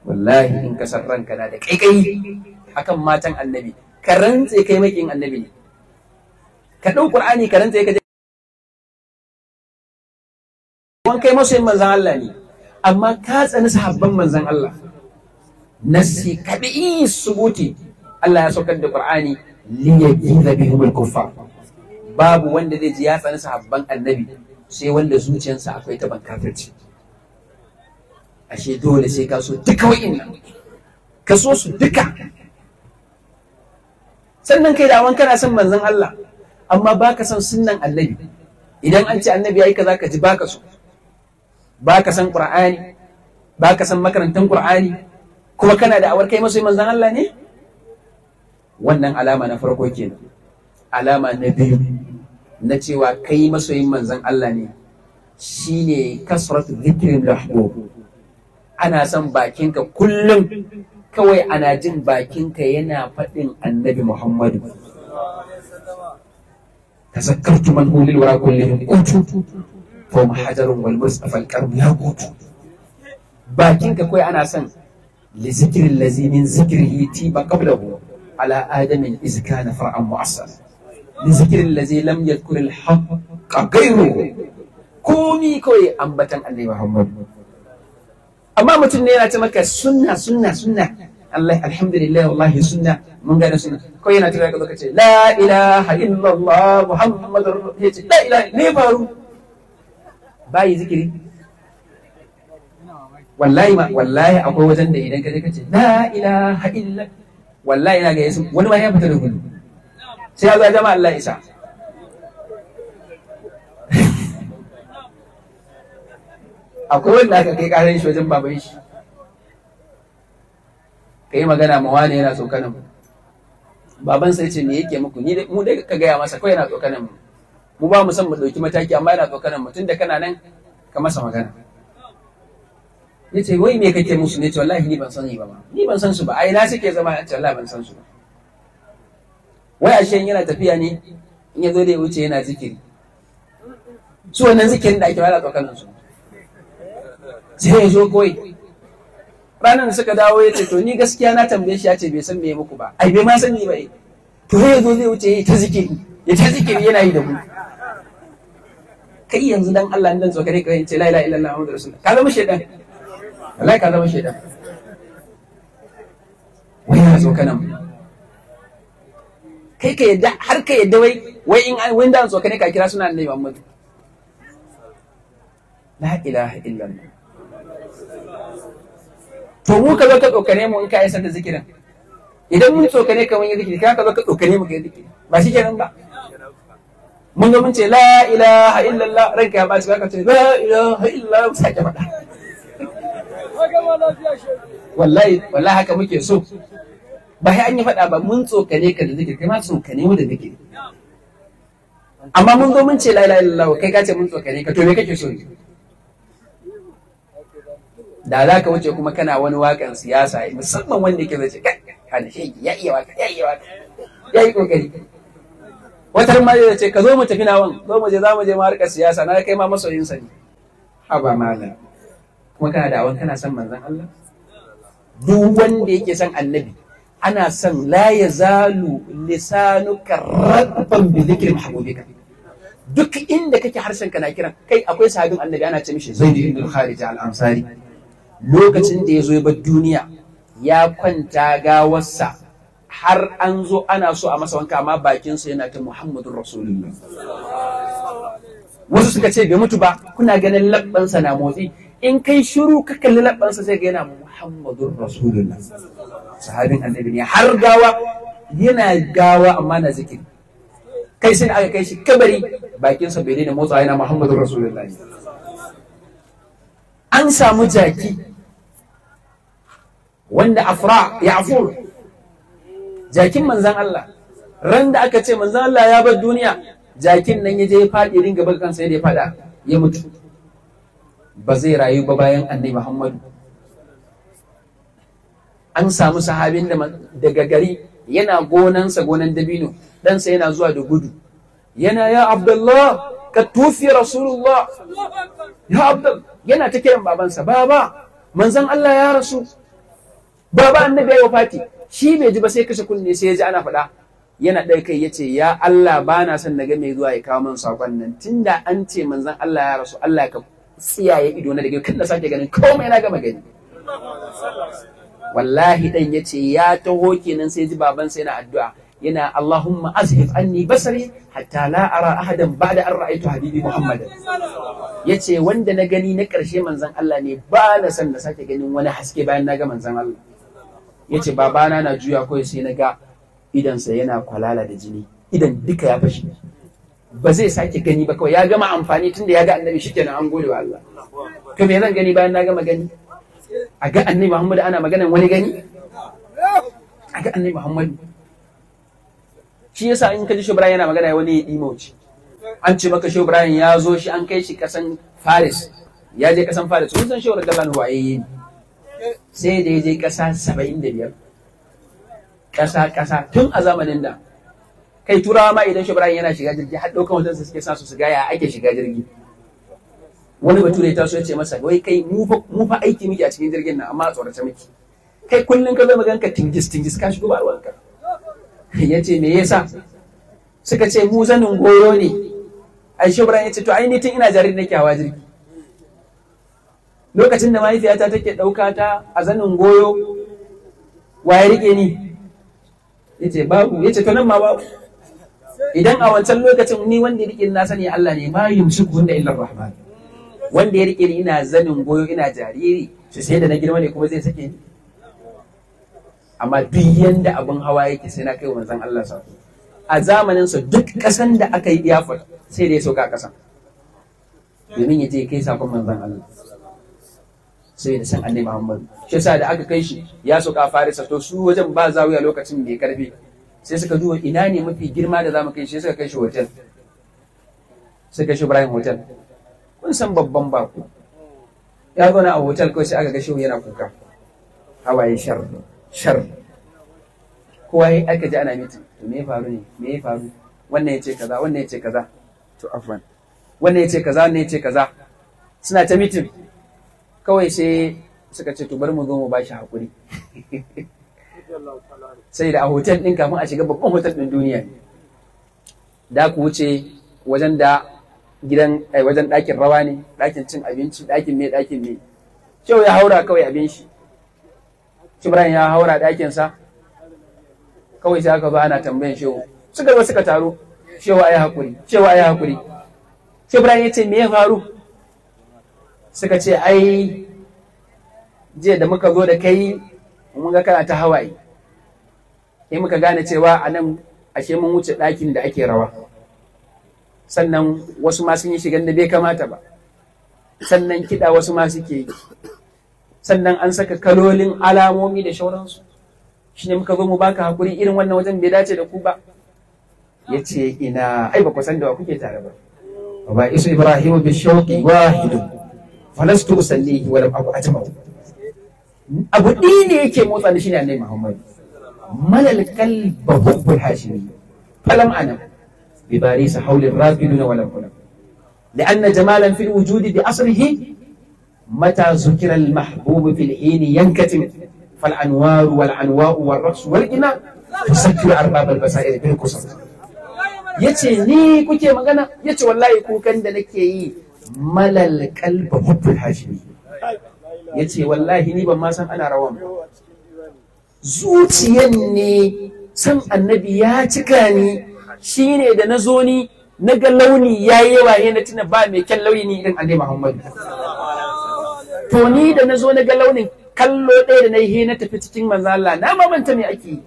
wallahi in ka san ranka na da kai-kai. akan matan annabi ka rantse kai makin annabi ne ka ɗau qur'ani ka rantse ka je wan kai yin manzan Allah ne amma ka tsani sahabban manzan Allah nasi kadi subuti Allah ya saukar da qur'ani li gina bihim al kufa babu wanda zai ji ya tsani sahabban annabi sai wanda zuciyarsa akwai ta bankafirci ashe dole sai ka so duka wa'innan ka so su duka sannan kai da wanka na son manzon Allah amma baka san sunnan annabi idan an ce annabi yayi kaza ka ji baka so baka san qur'ani baka san makarantan qur'ani kuma kana da awar kai masoyi manzon Allah ne wannan alama na farko kenan alama na biyu na cewa kai masoyin manzon Allah ne shine kasratu dhikrin mahbub ana son bakinka kullum kawai ana jin bakinka yana faɗin annabi Muhammadu تذكرت من هو للورى كلهم قوت فهم حجر والمصطفى الكرم يا قوت باكينك كوي أنا سن لذكر الذي من ذكره تيب قبله على آدم إذ كان فرعا معصر لذكر الذي لم يذكر الحق غيره كوني كوي ambatan annabi محمد amma mutum ne yana ta maka sunna Allah alhamdulillah wallahi sunna mun gane sunna ko yana tura ka zaka ce la ilaha illallah muhammadur ya ce la ilaha ne faru bayi zikiri wallahi ma wallahi akwai wajen da idan kaje je ka ce la ilaha illa wallahi yana ga yesu wani ma ya fita da gudu sai ya zo ya jama'a Allah isa akwai wanda aka kai karan shi wajen baban shi ka yi magana ma wane yana tsokanin mu baban sai ce me yake muku ni mu dai ka gaya masa kawai yana tsokanin mu mu ba mu san mu ɗauki mataki amma yana tsokanin mu tunda kana nan ka masa magana yace ce wai me kake musu ne ce wallahi ni ban sani ba ma ni ban san su ba ai na suke zama a ce wallahi ban san su ba wai ashe yana tafiya ne in ya zo da ya wuce yana zikiri su wannan zikirin da ake wala tsokanin su sai ya zo kawai ranar da suka dawo ya ce to ni gaskiya na tambaye shi ya ce bai san me muku ba ai bai ma sani ba to sai zo zai wuce ya ta zikiri ya ta zikiri yana yi da mu kai yanzu dan Allah dan zo kare ka ce la ilaha illallah muhammadur rasulullah ka zama shedan wallahi ka zama shedan wai yazo zo kana kai ka yadda har ka yadda wai wai in wai dan zo ne ka kira suna annabi muhammad la ilaha illallah to mu ka zo ka tsokane mu in ka aisa da zikirin idan mun tsokane ka mun yi zikiri ka zo ka tsokane mu ka yi zikiri ba shi kenan ba mun ga mun ce la ilaha illallah ranka ya baci ka ce la ilaha illallah sake faɗa wallahi wallahi haka muke so ba sai an yi faɗa ba mun tsokane ka da zikiri kai ma tsokane mu da zikiri amma mun zo mun ce la ilaha illallah kai ka ce mun tsokane ka to me kake so ne da za ka wuce kuma kana wani wakan siyasa musamman wanda ke zace kan shi ya iya waka ya iya waka ya yi kokari wata ma ya ce ka zo mu tafi nawan zo mu je za mu je mu harkar siyasa na kai ma masoyin sa ne haba malam kuma kana da awon, kana son manzon Allah duk wanda yake son annabi ana son la zalu lisanuka rabban bi dhikri mahbubika duk inda kake harshen kana kiran kai akwai sahabin annabi ana ce mishi zaid ibn kharija al-ansari lokacin da ya zo ya bar duniya ya kwanta gawarsa har an zo ana so a masa wanka amma bakinsa yana ta Muhammadun Rasulullah. Wasu suka ce bai mutu ba kuna ganin labbansa na motsi in kai shiru ka kalli labbansa sai ga yana Muhammadun Rasulullah. Sahabin annabi ne har gawa yana gawa amma na zikiri. Kai sai aka kai shi kabari bakinsa bai daina motsa yana Muhammadun Rasulullah. An samu jaki wanda afra ya afur jakin manzan Allah ran da aka ce manzan Allah ya bar duniya jakin nan ya je ya faɗi ringa bar kansa ya faɗa ya mutu ba zai rayu ba bayan annabi Muhammadu an samu sahabin da daga gari yana gonansa gonan dabino ɗansa yana zuwa da gudu yana ya abdullah ka tufi rasulullah ya Abdullah yana ta kiran babansa baba manzan Allah ya rasu baba annabi yayi wafati shi bai ji ba sai kashe kunne sai ya ji ana faɗa yana ɗaya kai yace ya Allah ba na son na ga mai zuwa ya kawo min sakon nan tunda an ce manzon Allah ya rasu Allah ka tsiyaye ido na daga kan da sake ganin komai na gama gani wallahi dan yace ya taho kenan sai ji babansa yana addu'a yana Allahumma azhif anni basari hatta la ara ahadan ba'da an ra'aytu habibi Muhammad yace wanda na gani na ƙarshe manzon Allah ne ba na son na sake ganin wani haske bayan na ga manzon Allah Ya ce babana na juya kawai sai na ga idansa yana kwalala da jini idan duka ya fashi ba zai sake gani ba kawai ya gama amfani tun da ya ga annabi shikenan an gode wa Allah to me zan gani bayan na gama gani a ga annabi Muhammad ana maganar wani gani a ga annabi Muhammad shi yasa in ka ji Shubra yana magana wani ya dimauci an ce maka Shubra ya zo shi an kai shi kasan Faris ya je kasan Faris kun san Shubra Galan waye ne sai da ya je ƙasa saba'in da biyar ƙasa ƙasa tun a zamanin da kai turawa ma idan shabrayin yana shiga jirgi har ɗaukan wajen su suke sa su su gaya ake shiga jirgi wani bature ta so ya ce masa wai kai mu fa aiki muke a cikin jirgin nan amma tsorata muke kai kullum ka zama ganka tingis tingis ka shigo ka. ya ce me yasa suka ce mu zanin goyo ne a shabrayin ya ce to ai ni tun ina jariri nake hawa jirgi lokacin da mahaifiyata take ɗauka ta a zanin goyo wa ya riƙe ni yace babu yace to nan ma babu idan a wancan lokacin ni wanda ya riƙe na sani Allah ne ma yumsiku da illar rahman wanda ya riƙe ni ina zanin goyo ina jariri sai da na girma ne kuma zai sake ni amma duk yanda abin hawa yake sai na kai wa manzon Allah sa a zamanin sa duk ƙasan da aka yi iyafar sai da ya sauka domin ya je kai sakon manzon Allah sai da san annabi Muhammad shi yasa da aka kai shi ya fare sa to su wajen ba zawiya lokacin mai karfi sai suka duba ina ne mafi girma da zamu kai shi suka kai shi hotel suka kai shi Ibrahim hotel kun san babban ku. ya na a hotel kawai sai aka ga shi yana kuka hawaye shar shar kowa ya aka ji ana mitin to me ya faru ne me ya faru wannan ya ce kaza wannan ya ce kaza to afwan wannan ya ce kaza wannan ya ce kaza suna ta mitin kawai sai suka ce to bari mu zo mu bashi hakuri sai da a hotel din kafin a shiga babban hotel din duniya ne da ku wuce wajen da gidan ai eh, wajen ɗakin rawa ne ɗakin cin abinci ɗakin me ɗakin me kyau ya haura kawai abin shi kibran ya haura ɗakinsa kawai sai aka zo ana tambayan shehu suka zo suka taro shehu ayi hakuri shehu ayi hakuri kibran ya ce me ya faru suka ce ai jiya da muka zo da kai mun ga kana ta hawaye sai muka gane cewa anan ashe mun wuce ɗakin da ake rawa sannan wasu ma sun yi shigan da bai kamata ba sannan kiɗa wasu ma suke yi sannan an saka kalolin alamomi da shauransu shi ne muka zo mu baka hakuri irin wannan wajen bai dace da ku ba ya ce ina ai ba ku san da wa kuke tare ba ba isu ibrahimu bi shauqi wahidu فلست أسليه ولم أكن أتمه أبو إيني كي موتا لشيني أني محمد مال الكلب بغب الحاشمي فلم أنا بباريس حول الراكدون ولم أكن لأن جمالا في الوجود بأصله متى ذكر المحبوب في الحين ينكتم فالأنوار والعنواء والرقص والإناء تسكر أرباب البسائر بالقصص يتي ني كنت مغنى يتي والله كوكا لكي malal kalba hubbul hashimi yace wallahi ni ban ma san ana rawan zuciyan ne san annabi ya cika ni shine da na zo ni na ga launi ya yi waye eh, na tuna ba mai kyan launi ni irin annabi Muhammadu. to ni da na zo na ga launin kallo ɗaya da na yi na tafi cikin manzala Allah na mamanta me ake yi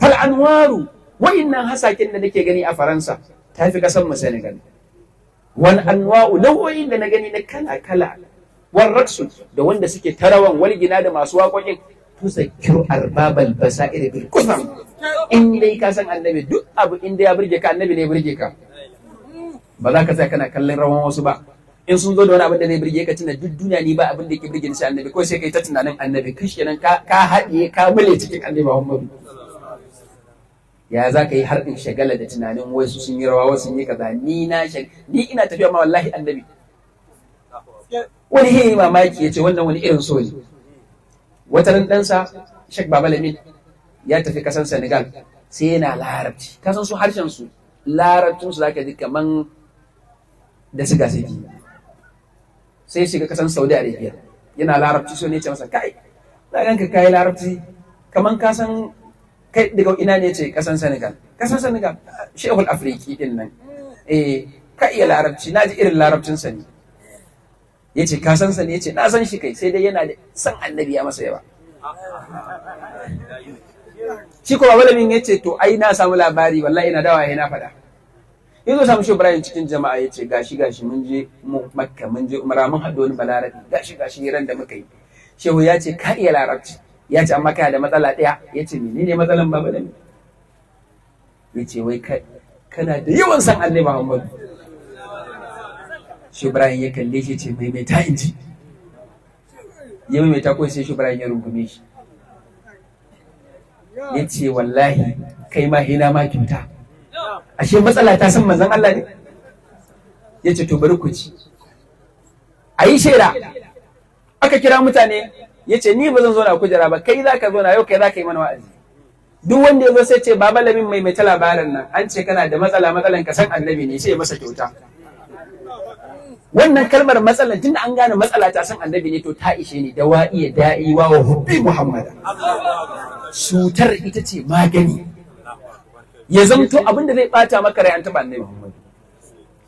fal anwaru wa'innan hasaken da nake gani a Faransa ta fi kasan mu Senegal wal anwa'u nau'o'in da na gani na kala kala wal raqsu da wanda suke tarawan wal gina da masu waƙoƙin tuzakkiru arbabal basair bil kusam in dai ka san annabi duk abu in dai ya burge ka annabi ne ya burge ka ba za ka tsaya kana kallon rawan wasu ba in sun zo da wani abin da zai burge ka tunda duk duniya ni ba abin da yake burge ni sai annabi ko sai kai ta tunanin annabi kashi ka ka haɗiye ka bule cikin annabi Muhammadu ya za ka yi har shagala da tunanin wai su sun yi rawa wasu sun yi kaza ni na ni ina tafiya ma wallahi annabi wani yi mamaki ya ce wannan wani irin so ne wata nan ɗansa shek baba lamin ya tafi kasan senegal sai yana larabci kasan su harshen su larabcin su zaka ji kaman da siga sigi sai shiga kasan saudi arabia yana larabci so ne ce masa kai na ganka kai larabci kaman kasan kai daga ina ne ce kasan Senegal kasan Senegal shehul Afriki din nan eh ka iya larabci na ji irin larabcin sa ne yace ka san sa ne yace na san shi kai sai dai yana da san annabi ya masa yawa shi kuma ya yace to ai na samu labari wallahi ina dawa yana fada yanzu samu shi Ibrahim cikin jama'a yace gashi gashi mun je Makka mun je Umara mun haɗu wani balarabi gashi gashi ran da muka yi shehu ya ce ka iya larabci ya ce amma kana da matsala ɗaya ya ce ne matsalan ba bane ya ce wai kana da yawan san Allah Muhammadu shi Ibrahim ya kalle shi ce mai mai ta inji ya mai ta ko sai shi Ibrahim ya rungume shi ya ce wallahi kai ma hina ma kyauta ashe matsala ta san manzan Allah ne ya ce to bari ku ci a yi shaida aka kira mutane ya ce ni ba zan zauna a kujera ba kai za ka zauna yau kai zaka yi mana wa'azi duk wanda ya zo sai ce baba lamin mai mai labarin nan an ce kana da matsala matsalan ka san annabi ne sai ya masa kyauta wannan kalmar matsalan tunda an gane matsala ta san annabi ne to ta ishe ni da wa'iya da'i wa wa hubbi muhammad cutar ita ce magani ya zamto abin da zai bata maka rai an taba annabi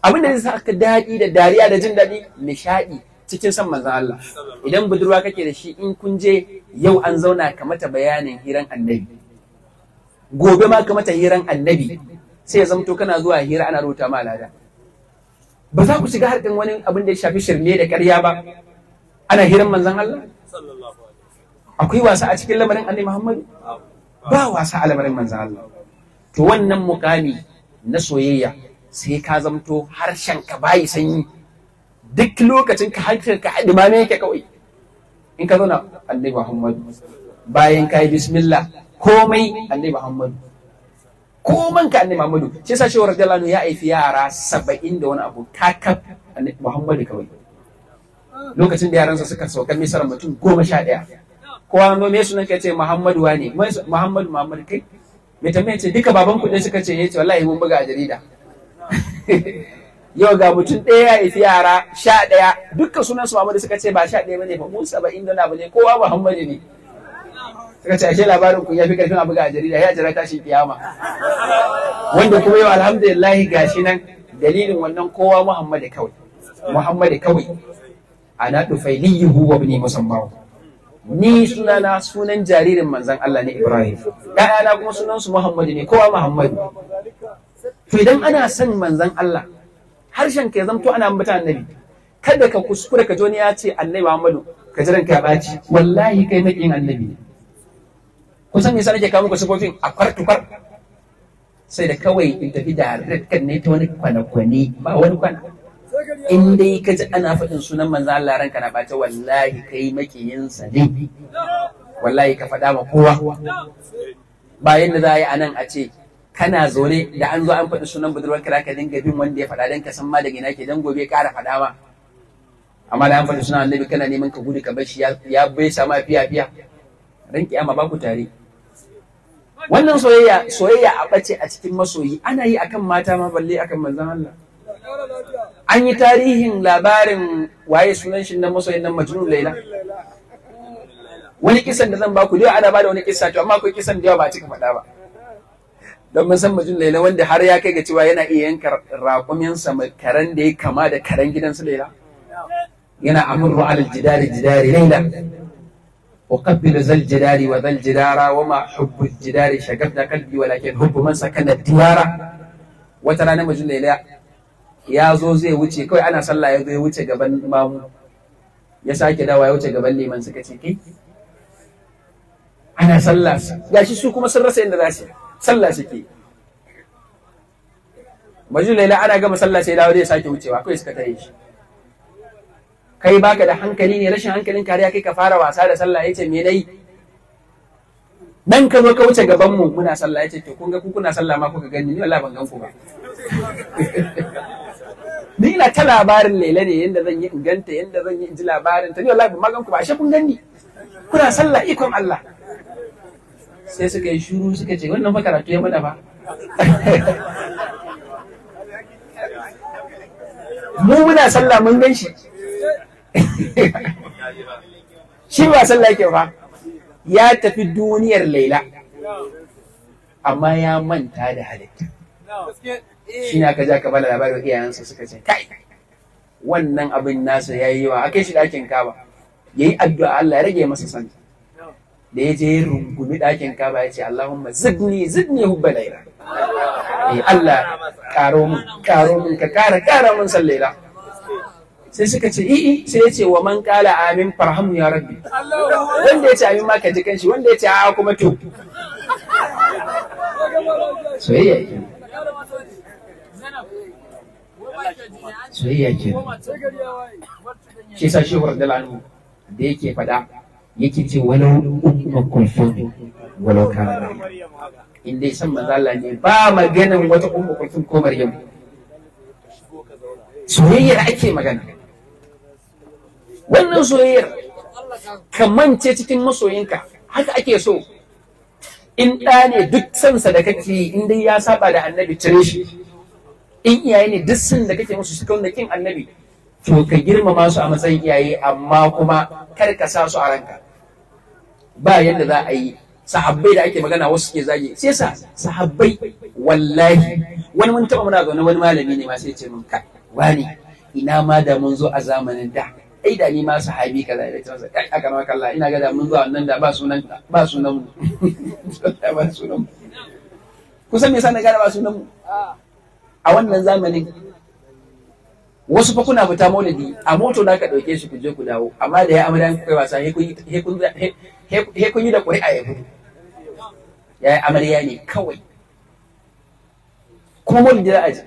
abin da zai sa ka daɗi da dariya da jin daɗi nishaɗi cikin san manzon Allah idan budurwa kake da shi in kun je yau an zauna kamata bayanin hiran annabi gobe ma ka mata hiran annabi sai ya zamto kana zuwa hira ana rubuta ma al'ada ba za ku shiga harkan wani abin da ya shafi shirme da ƙarya ba ana hiran manzon Allah akwai wasa a cikin lamarin annabi Muhammad ba wasa a lamarin manzon Allah to wannan mukami na soyayya sai ka zamto harshen ka bayi sanyi duk lokacin ka hankali ka haɗi ma ne yake kawai in ka zauna annabi Muhammadu bayan ka yi bismillah komai annabi Muhammadu koman ka annabi Muhammadu shi yasa shehu radiyallahu anhu ya aifi yara saba'in da wani abu kakaf annabi Muhammadu kawai lokacin da yaransa suka sauka misar mutum goma sha ɗaya kowa ma me sunan kai ce Muhammadu wane Muhammadu Muhammadu kai me ta ce duka baban kuɗin suka ce ya eh, ce wallahi mun buga a jarida yau ga mutum ɗaya ya isi yara sha ɗaya dukkan sunan su Muhammadu suka ce ba sha ɗaya bane ba mu saba inda na bane kowa Muhammadu ne suka ce ashe labarin ku ya fi karfin abu ga jarida ya jira tashi kiyama wanda kuma yau ga gashi nan dalilin wannan kowa Muhammadu kawai Muhammadu kawai ana yi huwa ibn musamman ni sunana sunan jaririn manzan Allah ne Ibrahim ɗaya na kuma sunan su Muhammadu ne kowa Muhammadu to idan ana son manzan Allah harshen ka ya zamto ana ambata annabi kada ka kuskure ka joni ya ce annabi Muhammadu ka jiran ka baci wallahi kai na kin annabi ne kusan me yasa kawo muku sifofin a kwar sai da kawai in tafi da kan ne ta wani kwanakwane ba wani kwana in dai ka ji ana faɗin sunan manzo Allah ranka na bace wallahi kai sa ne wallahi ka faɗa ma kowa Bayan da za a yi a nan a ce kana zaune da an zo an faɗi sunan budurwar kira ka dinga bin wanda ya faɗa don ka san ma daga ina ke dan gobe ƙara faɗa ma amma da an faɗi sunan annabi kana neman ka gudu ka bar shi ya bai sama fiya fiya ran kiyama ba ku tare wannan soyayya soyayya a bace a cikin masoyi ana yi akan mata ma balle akan manzon Allah an yi tarihin labarin waye sunan shi nan masoyin nan majnun laila wani kisan da zan ba ku dai ana ba da wani kisa to amma akwai kisan da yawa ba a cika faɗa ba don mun san mutum laila wanda har ya kai ga cewa yana iya yanka raƙuminsa karen da ya kama da karen su laila yana amuru alal jidari jidari laila jidari wa zal jidara wa ma hubbu jidari shagabta qalbi walakin hubbu man sakana diwara Wata rana mujin laila ya zo zai wuce kawai ana sallah ya zo ya wuce gaban mamu ya sake dawa ya wuce gaban liman suka ce kai ana sallah gashi su kuma sun rasa inda za su sallah suke majnun laila ana gama sallah sai dawo zai sake wucewa kawai suka tare shi kai baka da hankali ne rashin hankalin kariya kai ka fara wasa da sallah yace me nayi dan ka zo ka wuce gaban mu muna sallah yace to kun ga ku kuna sallah ma kuka gani ni wallahi ban gan ku ba ni na ta labarin Laila ne yanda zan yi inganta yanda zan yi in ji labarin ta ni wallahi ban ma gan ku ba ashe kun gani kuna sallah ikon Allah sai suka yi shuru suka ce wannan karatu ya mana ba mu muna sallah mun gan shi shi ba sallah yake ba ya tafi duniyar laila amma ya manta da halitta shi na ka ja ka bada labarin iyayensa suka ce kai wannan abin nasa ya yi yawa a kai shi ɗakin kaba ya yi addu'a Allah ya rage masa santa da ya je rungumi ɗakin kaba ya ce Allahumma zidni zidni hubba laila eh Allah karo mun karo mun ka kara kara min sallaila sai suka ce i'i sai ya ce wa man kala amin farhamu ya rabbi wanda ya ce amin ma ka ji kanshi wanda ya ce a kuma to soyayya ke soyayya ke shi sa shehu radiyallahu da yake faɗa yake ce walau umma kulfin walau kana in dai san ne ba maganan wata umma kulfin ko maryam soyayyar ake magana wannan soyayyar ka mance cikin masoyinka haka ake so in ɗa ne duk sansa da kake in dai ya saba da annabi cire shi in iyaye ne duk san da kake musu su kauna kin annabi to ka girmama su a matsayin iyaye amma kuma kar ka sa su a ranka ba yadda za a yi sahabbai da ake magana wasu ke zage sai sa sahabbai wallahi wani mun taba muna zaune wani malami ne ma sai ce mun ka wani ina ma da mun zo a zamanin da ai da ni ma sahabi kaza da ta masa kai aka maka Allah ina ga da mun zo wannan da ba sunan ba sunan mu ba sunan mu kusan me yasa na da ba sunan mu a wannan zamanin wasu fa kuna fita maulidi a moto na ka dauke shi ku je ku dawo amma da ya amarya ku kai wasa he kun yi da ƙuri'a ya gudu ya yi amarya ne kawai kuma maulidi za a ji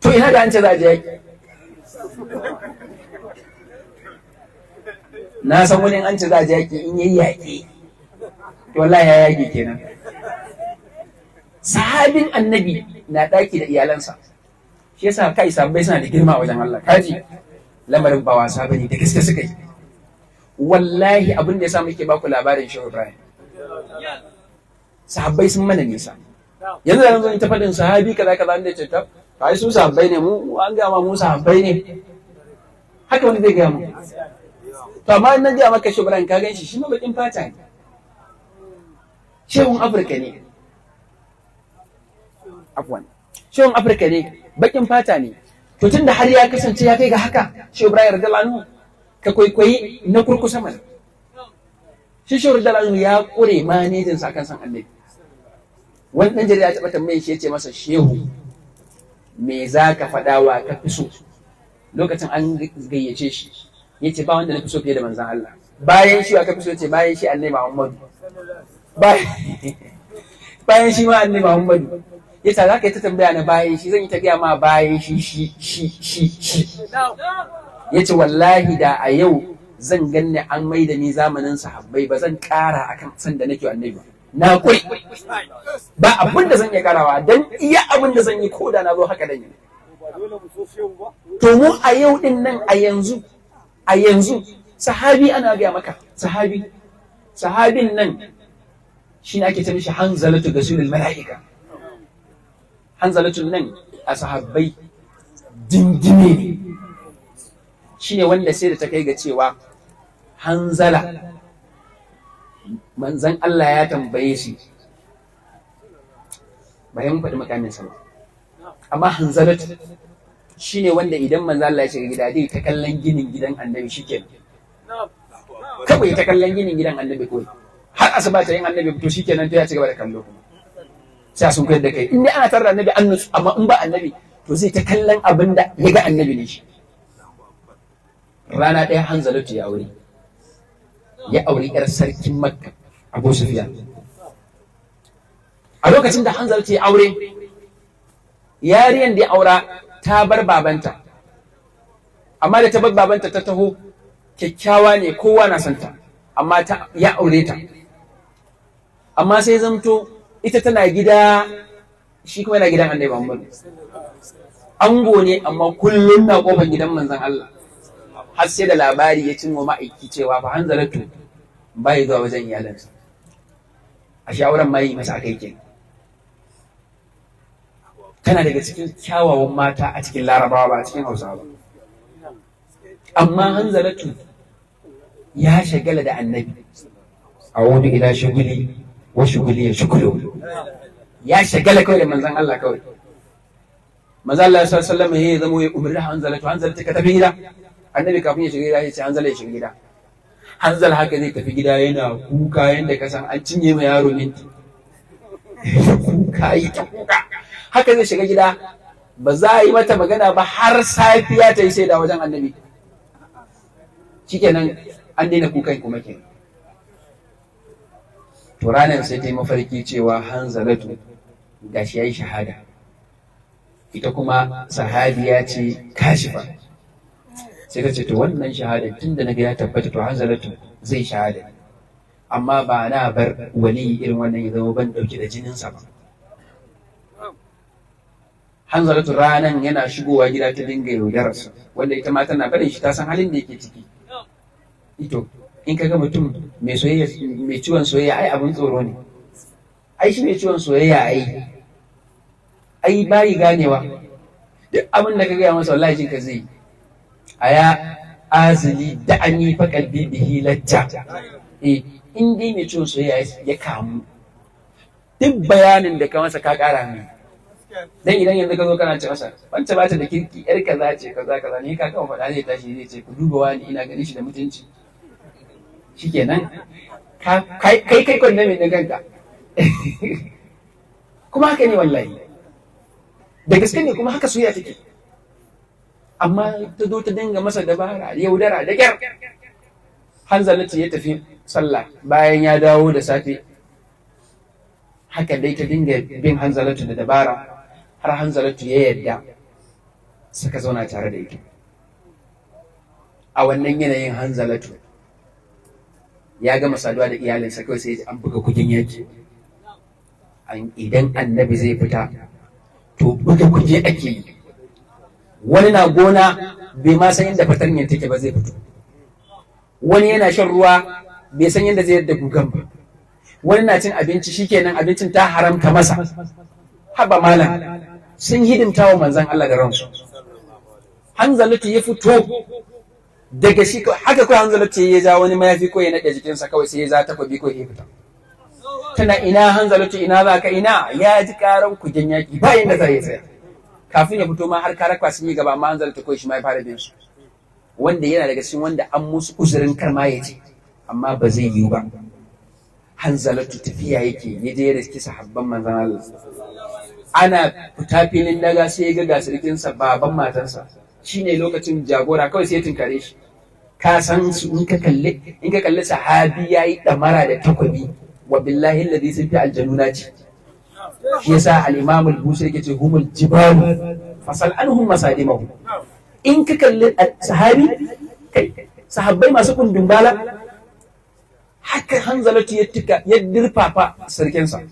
to ina da an ce za a je na san wani an ce za a je yaƙi in yi yaƙi wallahi ya yaƙi kenan sahabin annabi na ɗaki da iyalansa shi yasa kai sahabbai suna da girma wajen Allah kaji lamarin ba wasa bane da gaske suka yi wallahi abin da yasa muke baku labarin shi Ibrahim sahabbai sun mana nisa yanzu da zan ta faɗin sahabi kaza kaza da ce ta kai su sahabbai ne mu an ga ma mu sahabbai ne haka wani zai gaya mu to amma in na ji maka shi Ibrahim ka gan shi shi ma bakin fata ne shehun Afirka ne afwan shehun afirka ne bakin fata ne to tunda har ya kasance ya kai ga haka shi ibrahim radiyallahu ka kwaikwayi na kurkusa mana shi shi radiyallahu ya kure manejin sa kan san annabi wani dan jarida ya taba tambaye shi yace masa shehu me za ka faɗa wa ka fi so lokacin an gayyace shi yace ba wanda na fi so fiye da manzan Allah bayan shi aka fi so yace bayan shi annabi Muhammadu bayan shi ma annabi Muhammadu ya ce za ka yi ta tambaya na bayan shi zan yi ta gaya ma bayan shi shi shi shi shi ya ce wallahi da a yau zan ganni an mai da ni zamanin sahabbai ba zan ƙara kan san da nake annabi ba na kwai ba abin da zan iya karawa don iya abin da zan yi ko da na zo haka dan yi to a yau din nan a yanzu a yanzu sahabi ana gaya maka sahabi sahabin nan shi ake ta shi hanzalatu gasulul mala'ika hanzalatun nan a sahabbai dingine ne shine wanda sai da ta kai ga cewa hanzala manzan Allah ya tambaye shi bayan faɗi makamin sama amma hanzalatu shine wanda idan manzan Allah ya shiga gida dai ta kallon ginin gidan annabi shikenan kawai ta kallon ginin gidan annabi kawai har asuba ta yin annabi fito nan ta ya ci gaba da kallo kuma sai sun koyar da kai in dai ana tare da annabi an amma in ba annabi to zai ta kallon abin da ya ga annabi ne shi rana ɗaya hanzalatu ya aure ya aure yar sarkin makka abu sufiya a lokacin da hanzalatu ya aure yariyan da ya aura ta bar babanta amma da ta bar babanta ta taho kyakkyawa ne kowa na santa amma ta ya aure ta amma sai zamto ita tana gida shi kuma yana gidan annabi Muhammad ango ne amma kullum na kofar gidan manzon Allah har sai da labari ya cin wa ma'aiki cewa fa hanzaratu bai zuwa wajen iyalansa a shawaran mai masa akai ke tana daga cikin kyawawan mata a cikin larabawa ba a cikin ba. amma hanzaratu ya shagala da annabi a wani gida shuguli wa shuguli ya shugulu ya shagala kawai da manzan Allah kawai manzon Allah sallallahu alaihi wasallam ya zama ya umarni Hanzala to Hanzala ta tafi gida annabi kafin ya shiga gida ya ce Hanzala ya shiga gida Hanzala haka zai tafi gida yana kuka yanda ka san an cinye ma yaro minti kuka yi ta kuka haka zai shiga gida ba za a yi mata magana ba har safiya ta yi shaida wajen annabi shikenan an daina kukan kuma kenan to ranar sai ta yi mafarki cewa hanzalatu ga shi ya yi shahada ita kuma sahabiya ce kashifa sai ta ce to wannan shahada tun da naga ya tabbata to hanzalatu zai shahada amma ba na bar wani irin wannan ya zama ban dauki da jininsa ba Hanzaratu ranan yana shigowa gida ta dinga yaudararsa wanda ita ma tana barin shi ta san halin da yake ciki ito in kaga mutum mai soyayya mai ciwon soyayya ai abin tsoro ne ai shi mai ciwon soyayya ai ai bayi ganewa duk abin da ka gaya masa wallahi jin ka zai aya azli da ani fa kalbi bihi latta eh in dai mai ciwon soyayya ya kamu duk bayanin da ka masa ka kara mai dan idan yanzu ka zo kana ce masa wancan ba ta da kirki yar kaza ce kaza kaza ne ka kawo faɗa zai tashi zai ce ku duba wani ina ganin shi da mutunci shikenan kai kai kai kwanne mai kanka kuma haka ne wallahi da gaske ne kuma haka ya take amma ta zo ta dinga masa dabara yaudara da kyar hanzalatu ya tafi sallah bayan ya dawo da safe haka dai ta dinga bin hanzalatu da dabara har hanzalatu ya yarda suka zauna tare da ita a wannan yanayin hanzalatu ya gama saduwa da iyalinsa kawai sai an buga kujin yaki idan annabi zai fita to buga kuje ake yi wani na gona bai ma san yadda fatar fatanyar take ba zai fito wani yana shan ruwa bai san yadda zai yadda gugan ba wani na cin abinci shikenan abincin ta haramta masa haba malam sun hidimta wa manzon Allah da ransu hanzalutu ya fito daga shi haka kawai hanzala ce ya za wani mayafi ko ya naɗe jikinsa kawai sai ya za ta kwabi ko ya fita tana ina hanzala ce ina za ka ina ya ji karan kujen yaƙi ba inda zai tsaya kafin ya fito ma har kara kwasi ne gaba amma hanzala ta kawai shi ma ya fara bin wanda yana daga cikin wanda an musu uzurin kar ya ce amma ba zai yiwu ba hanzalatu tafiya yake ya je ya riski sahabban manzan Allah ana fita filin daga sai ya ga gasirkinsa baban matansa shine lokacin jagora kawai sai ya tunkare shi ka san su in ka kalle in ka kalli sahabi yayi damara da takwabi wa billahi alladhi sun fi aljanuna ce shi yasa al-imam al-busi yake ce humul jibal fasal anhum masadimahu in ka kalli sahabi sahabbai masu kundin bala haka hanzalatu ya tuka ya dirfafa sarkinsa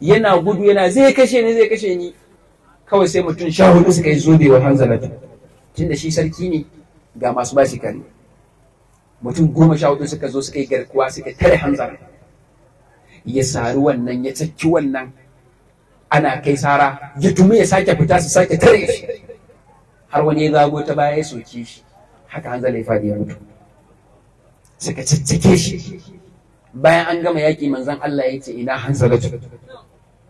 yana gudu yana zai kashe ni zai kashe ni kawai sai mutum sha hudu suka yi zobe wa hanzalatu da shi sarki ne ga masu bashi kare mutum goma sha hudu suka zo suka yi garkuwa suka tare hanzar ya saru wannan ya cakki wannan ana kai sara ya tumi ya sake fita su sake tare shi har wani ya zago ta baya ya soke shi haka hanzala ya fadi ya mutu suka caccake shi bayan an gama yaƙi manzon Allah ya ce ina hanzalatu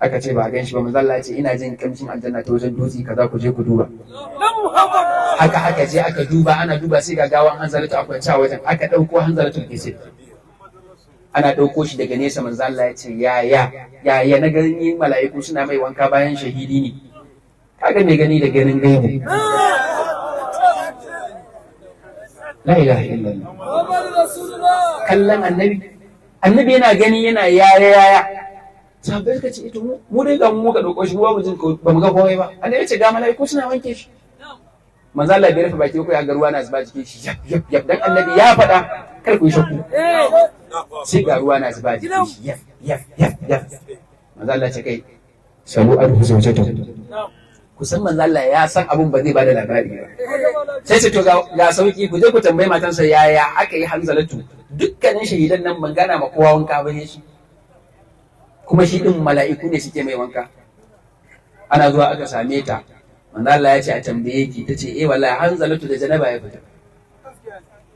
aka ce ba gan shi ba mazalla ce ina jin kamshin aljanna ta wajen dutse kaza ku je ku duba haka aka je aka duba ana duba sai ga gawan hanzalatu a kwance wajen aka dauko hanzalatu ke ce ana dauko shi daga nesa manzo ya ce ya ya ya ya na ganin mala'iku suna mai wanka bayan shahidi ne kaga mai gani da ganin gaibu la ilaha illallah kallon annabi annabi yana gani yana yaya yaya sabai ka ce ito eh, mu dai ga mu muka dauko shi mu jin ba mu ga komai ba annabi ya ce ga malaiku suna wanke shi manzo Allah bai rufe baki ko ya garuwa na zuba jikin shi yap yap yap dan annabi ya faɗa kar ku yi shakku sai garuwa na zuba jikin shi yap yap yap yap manzo Allah ce kai sabu abu zaujata kusan manzo Allah ya san abun ba zai bada labari ba sai ce to ga sauki ku je ku tambayi matansa yaya aka yi hanzalatu dukkanin shahidan nan ban gana ma kowa wanka bane shi kuma shi din mala'iku ne suke mai wanka ana zuwa aka same ta manzo Allah ya ce a tambaye ki tace eh wallahi hanzalatu da janaba ya fita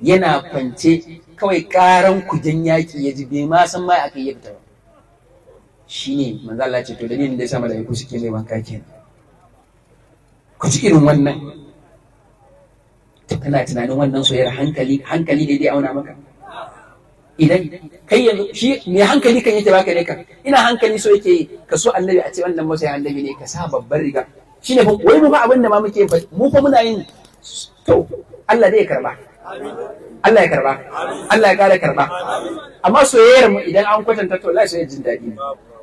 yana kwance kawai karan kujen yaki ya ji bai ma san mai akai ya fita ba ne manzo Allah ya ce to dalilin da yasa mala'iku suke mai wanka kenan ku ci irin wannan kana tunanin wannan soyayyar hankali hankali ne dai auna maka idan kai yanzu shi mai hankali kan yake baka ne ina hankali so yake ka so annabi a ce wannan ya annabi ne ka sa babbar riga shine fa wai mu fa abin da ma muke mu fa muna yin to Allah zai karba Allah ya karba Allah ya kare karba amma soyayyar mu idan an kwatanta to Allah sai jin dadi ne